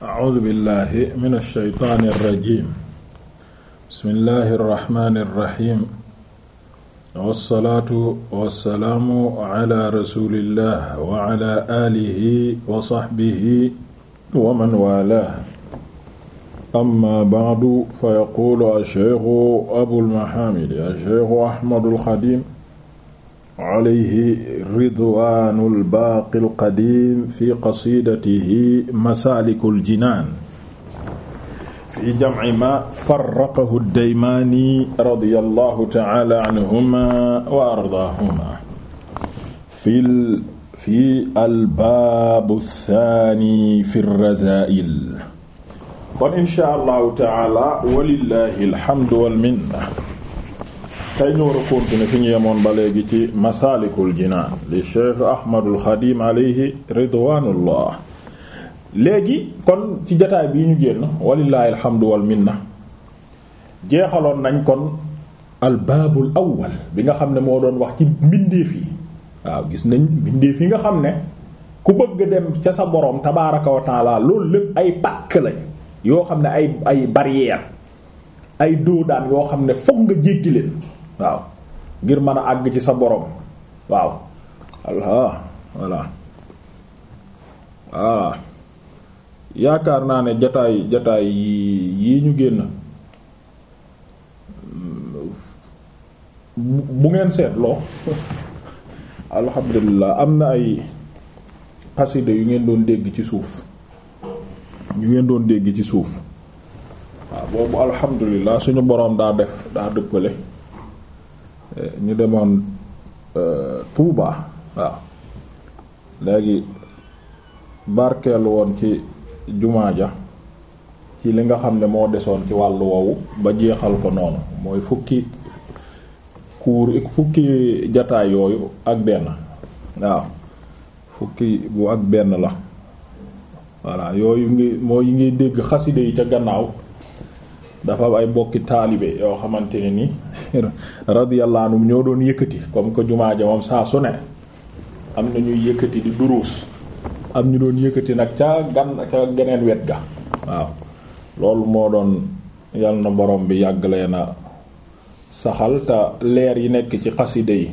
A'uuzu billaahi mina shaytaani rajiim bismillaahi rahmaani rahiim wassalaatu wassalaamu alaa rasuulillaah wa alaa aalihi wa sahbihi wa man waalaah amma ba'du fa yaquulu ash-shaykhu Abul Mahaamid ash-shaykhu Ahmadul Xadiim alayhi ridwaanul baaqil qadiim fi qasiidatihi masaalikul jinaan fi jamci maa farraqahu daymaani radiyallahu ta'aala anhumaa wa ardaahumaa fil fi albaabu saani fi razaa'il kon incha allahu ta'aala walillaahi alhamdu wal minna tey ñu war a continuer fi ñu ba léegi ci masaalikul jinaan li cheikh ahmadul xadim alayhi ridwanullah léegi kon ci jataay bii ñu génn walillahi alhamdu wal minna jeexaloon nañ kon al baabul bi nga xam ne moo doon wax ci mbindeef yi waaw gis nañ mbindeef yi nga xam ne ku bëgg dem ca sa boroom tabaaraka wa loolu lépp ay pàkk lañ yoo xam ne ay ay barrière ay doodaan yoo xam ne fokk nga jéggi leen waaw ngir mën a àgg ci sa borom waaw allah voilà yaakaar naa ne jataay jataay yii ñu génn mm, bu ngeen seetloo alhamdulilah am na ay xasida yu ngeen doon dégg ci suuf yu ngeen doon dégg ci suuf waaw boobu alhamdulilah suñu boroom daa def daa dëppale ñu demoon euh, Touba waaw léegi barkeelu woon ci jumaa ja ci li nga xam ne moo desoon ci wàllu woowu ba jeexal ko noonu mooy fukki kuur fukki jataay yooyu ak benn waaw fukki bu ak benn la voilà yooyu ngi mooy yi ngay dégg xaside yi ca gannaaw dafa ay bokki taalibe yoo xamante nii radiyallahu anhu ñoo doon yëkkati comme que jumaa ja moom saa su ne am na ñuy yëkkati di duruus am ñu doon yëkkati nag ca gan ca geneen wet ga waaw loolu moo doon yal na borom bi yàgg leen a saxal te leer yi nekk ci xaside yi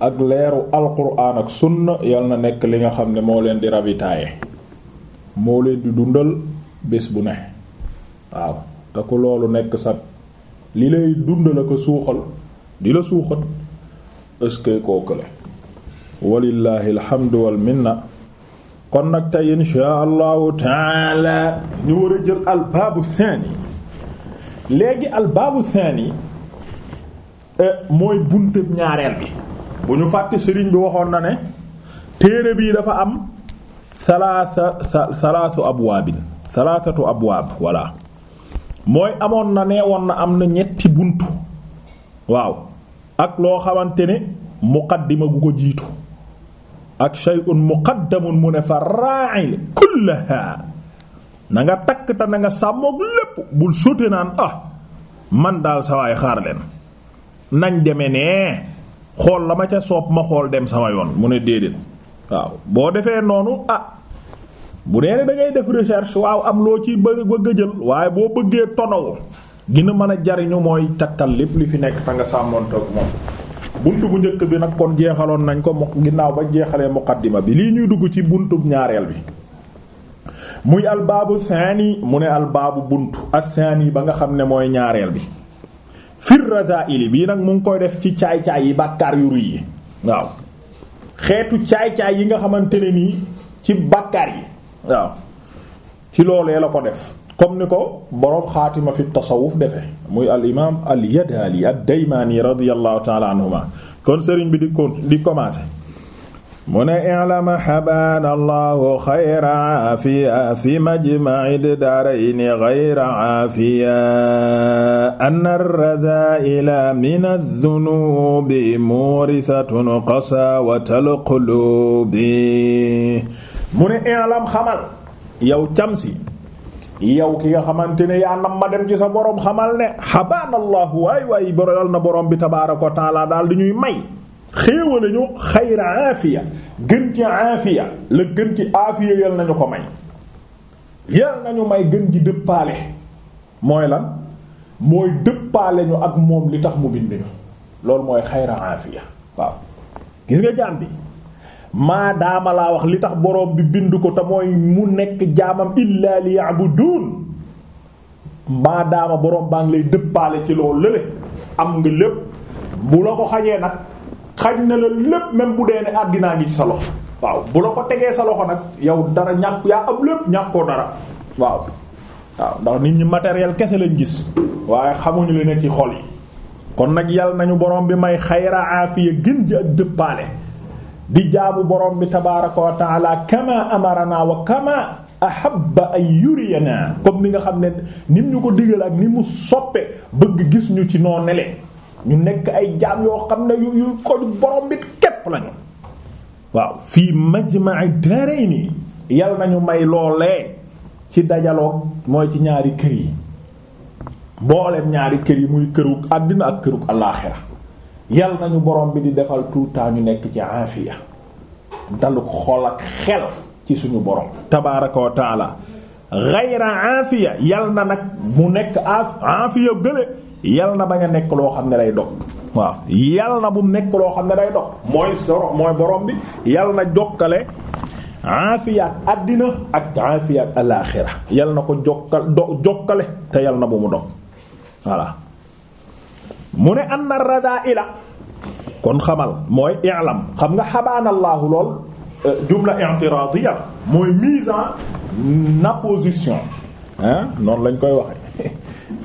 ak leeru alquran ak sunna yal na nekk li nga xam ne moo leen di rabitaaye moo leen di dundal bés bu ne waaw te ku loolu nekk sa li lay dund la ko suuxal di la suuxat ëskay kooku la walillahi alhamdu wal minna kon nag tey insha allahu taala ñu war a jël albaabu thani léegi albaabu thani e, mooy buntëb ñaareel bi bu ñu fàtte sëriñ bi waxoon na ne téere bii dafa am salaasa salaatu abwaabin salaasatu abwaab voilà mooy amoon na ne neewoon na am na ñetti buntu waaw ak loo xamante ne muqaddima gu ko jiitu ak shay'un muqaddamun mu ne fa ra'i kullaha na nga takk te na nga sàmmoog lépp bul sote naan ah man daal sawaay xaar leen nañ deme nee xool la ma ca soob ma xool dem sama yoon mu ne déedéet waaw boo defee noonu ah bu dee da ngay def recherche waaw am loo ci bëgg bëgg waaye boo bëggee tonaw gina mën a jariñu mooy takkal lépp li fi nekk ta nga sàmmoonteek moom bunt bu njëkk bi nag kon jeexaloon nañ ko mo ginnaaw ba jeexalee muqaddima bi lii ñuy dugg ci buntub ñaareel bi muy albaabu saani mu ne albaabu bunt as-saani ba nga xam ne mooy ñaareel bi fir rasaili bii nag mu ngi koy def ci caay-caay yi bàkkaar yu ruy yi waaw xeetu caay-caay yi nga xamante ne nii ci bàkkaar yi waaw ci loolee la ko def comme ni ko boroom xaatima fi tasawuf defe muy al imaam al yadaali ad daymaani radiyallahu taala anhuma kon sëriñ bi di ko di commencer mu ne i'lam xabaan allahu xayra aafiya fi majma'id daarayni xayra aafiya anna ar-radaa'ila min adh-dhunuubi muurisatun qasaawatal quluubi mu ne i'lam eh, xamal yow camsi yow ki nga xamante ne yaa nam ma dem ci sa boroom xamal ne habanallahu waay waay boral na borom bi tabaaraka wa taala daal di ñuy may xéewale ñu xayra aafiya gën ci aafiya la gën ci aafiya yal nañu ko may yal nañu may gën ji dëppaale mooy lan mooy dëppaale ñu ak moom li tax mu bind ñu loolu mooy xayra aafiya waaw gis nga jaam bi maadaama laa wax li tax boroom bi bind ko te mooy mu nekk jaamam illaa bu ya'budun maadaama boroom baa ngi lay dëppaale ci loolu lële am nga lépp bu la ko xañee nag xañ na la lépp même bu dee ne àddinaa ngi ci sa loxo waaw bu la ko tegee sa loxo nag yow dara ñàkk yaa am lépp ñàkkoo dara waaw waaw ndax nit ñi matériel kese lañ gis waaye xamuñu li ci xol yi kon nag yàlla nañu boroom bi may xayra aafiya gën ji ak dëppaale di jaamu borom bi tabaaraka wa taala kama wa kama ahabba ay yuriyana comme ni nga xam ne nit ñu ko digal ak ni mu soppe bëgg gis ñu ci noo nele ñu nekk ay jaam yoo xam ne yu yu ko borom bi képp lañu waaw fii majma'i darayni yal nañu may loolee ci dajaloo mooy ci ñaari kër yi mboolem ñaari kër yi muy këru àddina ak këru alaaxira yal ñu borom bi di defal tout ñu nekk ci aafiya daluk xol ak xel ci suñu borom tabaaraka wa taala ghayra aafiya yal na nag mu nekk aafiya gële yal na ba nga nekk loo xam ne lay dog waaw yal na bu nekk loo xam ne day dog mooy soro mooy borom bi yal na jokkale aafiya ak àddina ak aafiya ak alaaxira yal na ko jokkal jokkale te yal na bu mu dog voilà mu ne anna radaa'ila kon xamal mooy i'lam xam nga xabaanallaahu lool euh, jumla i'tiraadiya mooy mise en opposition ah noonu lañ koy waxee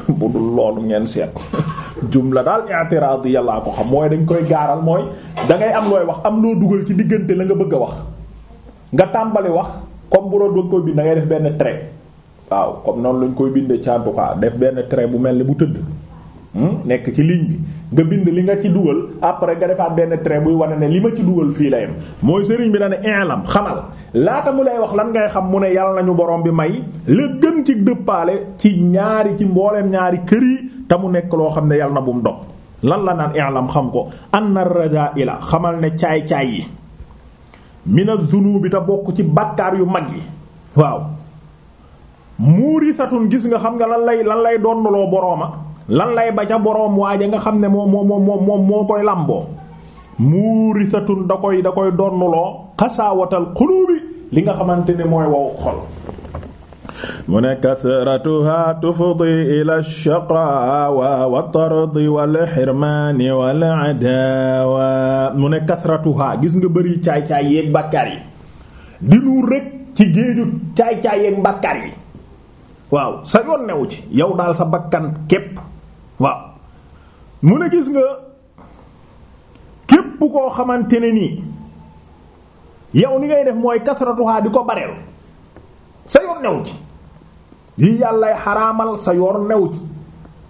bu dul loolu ngeen seet jumla daal i'tiraadiya laa ko xam mooy dañ koy gaaral mooy da ngay am looy wax am loo dugal ci diggante la nga bëgg a wax nga tàmbali wax comme bu doon koy bind da def benn trait waaw comme noonu lañ koy bindee ci en def benn trait bu mel ni bu tëdd Hmm? nekk ci ligne bi nga bind li nga ci dugal après nga defaat benn trait buy wane ne li ma ci dugal fii la yem mooy sëriñ bi na ne i'lam xamal laata mu lay wax lan ngay xam mu ne yàlla nañu boroom bi may la gën ci dëppaale ci ñaari ci mbooleem ñaari kër yi te mu nekk loo xam ne yàlla na bu mu dog lan la naan i'lam xam ko anna raja ila xamal ne caay-caay yi mi mina bi te bokk ci bàkkaar yu mag yi waaw yi muurisatun gis nga xam nga lan lay lan lay donnaloo borooma lan lay ba ca boroom waaja nga xam ne moo moom moom moom moo koy làmboo muurisatun da koy da koy donnuloo xasaawatal xuluubi li nga xamante ne mooy wow xol mu ne kasratuha tufdi ila shaqawa wa tardi wal xirmaani wal mu ne kasratuha gis nga bëri caay-caay yeeg bàkkaar yi di nuur rek ci géeju caay-caay yeeg bàkkaar yi waaw sa yoon newu ci yow daal sa bakkan képp waaw mu ne gis nga képp koo xamante ne nii yow ni ngay def mooy kasratuha di ko bareel sa yoon new ci yi yàllay xaraamal sa yoon new ci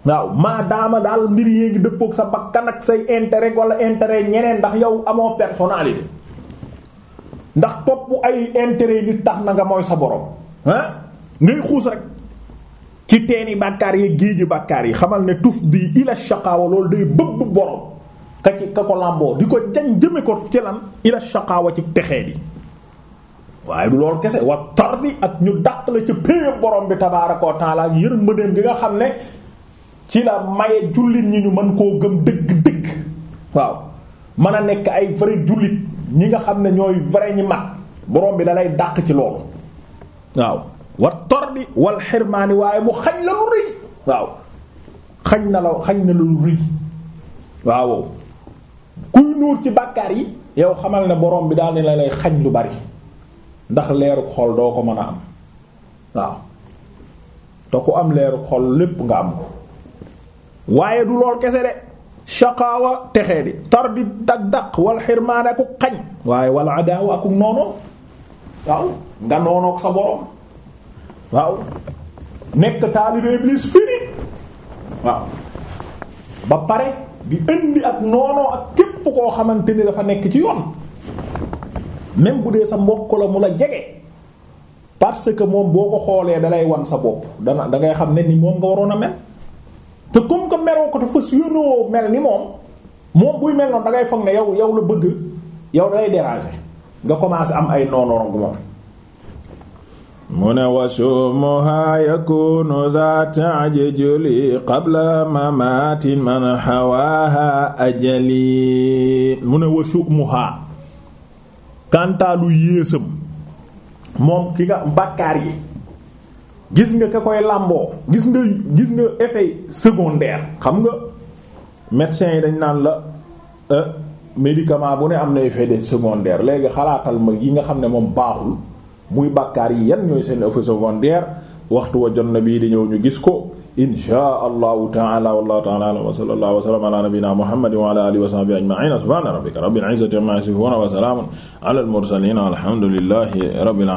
waaw maadaama daal mbir yee ngi dëppook sa bakkan ak say intérêt wala intérêt ñeneen ndax yow amoo personnalité ndax topp ay intérêt yi tax na nga mooy sa borom ah ngay xuus rek ci teeni bàkkaar yi géeju bàkkaar yi xamal ne tuf di ila shaqaawa loolu day bëbb borom ka ci ka ko làmboo di ko jañ jëme ko ci lan ila shaqaawa ci texee di waaye du loolu kese wa bi ak ñu dàq la ci péye borom bi tabaaraka wa taala yërmandeem di nga xam ne ci la maye jullit ñi ñu mën koo gëm dëgg-dëgg waaw mën a nekk ay vrai jullit ñi nga xam ne ñooy vrai ñi mag borom bi dalay dàq ci loolu waaw wa bi wal xirmaani waaye mu xañ la lu rëy waaw xañ na la xañ na lu rëy waaw kuy nuur ci bàkkaar yi yow xamal ne boroom bi daal ne la lay xañ lu bari ndax leerug xol doo ko mën a am waaw te ku am leeru xol lépp nga am ko waaye du lool kese de shaqaawa bi di bi dak dak wal xirmaan aku xañ waaye wal adaawa aku noonoo waaw nga noonoog sa borom waaw nekk taalibe Iblis fini waaw ba pare di indi ak noonoo ak képp koo xamante ni dafa nekk ci yoon même bu dee sa mbokk la mu la jege parce que moom boo ko xoolee dalay wan sa bopp dana da ngay xam ne ni moom nga waroon a mel te comme que meroo ko te fas yéenoo mel ni moom moom buy mel noonu da ngay foog ne yow yow la bëgg yow dalay déranger nga commencer am ay noonoo moom mu ne wasuumuhaa yakunu daa taajjuli qabla mamaati man hawaaha ajali mu ne wasuumuhaa kantaalu yéesam moom ki nga bàkkaar yi gis nga ka koy làmboo gis nga gis nga effet secondaire xam nga médecins yi dañ naan la euh, médicament bu ne am na effet de secondaire léegi xalaatal ma yi nga xam ne moom baaxul muy bàkkaar yi yan ñooy seen effet secondaire waxtu wa jot na bii di ñëw ñu gis ko inshaa allahu taala wallahu taala alam wa sallallahu wa sallama ala nabiyyina muhammadin wa ala alihi wa sahbihi ajma'in subhana rabbika rabbil izzati amma yasifun wa salamun ala al mursalin alhamdulillahi rabbil alamin